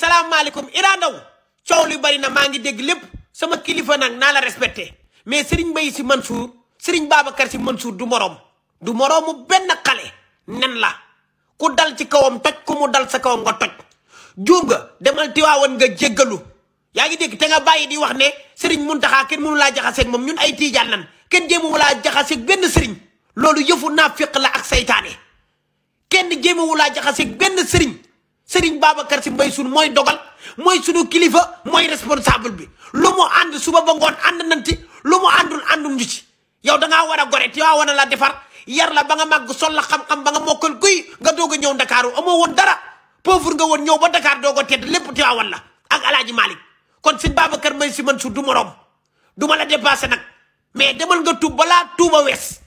salaamaaleykum Ira Ndao coow li bari na maa ngi dégg lépp sama kilifa nag naa la respecté mais Serigne Mbaye Sy Mansour Serigne Babacar Sy Mansour du moroom du moroomu benn xale nen la ku dal ci kawam toj ku mu dal sa kawam nga toj juur nga demal tiwaawan nga jéggalu yaa ngi dégg te nga bàyyi di wax ne mun Mountakha kenn mënu laa jaxaseeg moom ñun ay tiijaan nan kenn jéemawu laa jaxaseeg benn Serigne loolu yëfu naafiq la ak saytaane kenn jéemewu laa jaxaseeg Serigne Serigne Babacar Sy Mbaye Sy mooy dogal mooy sunu kilifa mooy responsable bi lu mu ànd suba ba ngoon ànd nanti lu mu àndul àndum ñu ci yow da ngaa war a gore te waa war a la defar yar la ba nga màgg sol la xam-xam ba nga mokkal kuy nga doog a ñëw ndakaaru amoo woon dara pauvre nga woon ñëw ba Dakar doog a tedd lépp te waa la ak alaaji Malick kon sëñ Babacar may si man su du morom du ma la dépassé nag mais demal nga tuub balaa tuuba wees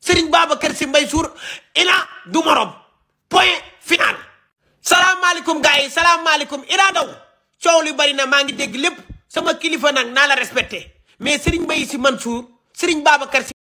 sëriñ Babacar si Mbaye Suur ila du morom salaamaaleykum gars yi salaamaaleykum Ira Ndaw coow lu bari na maa ngi dégg lépp sama kilifa nag naa la respecté mais Serigne Mbaye Sy Mansour Serigne Babacar Sy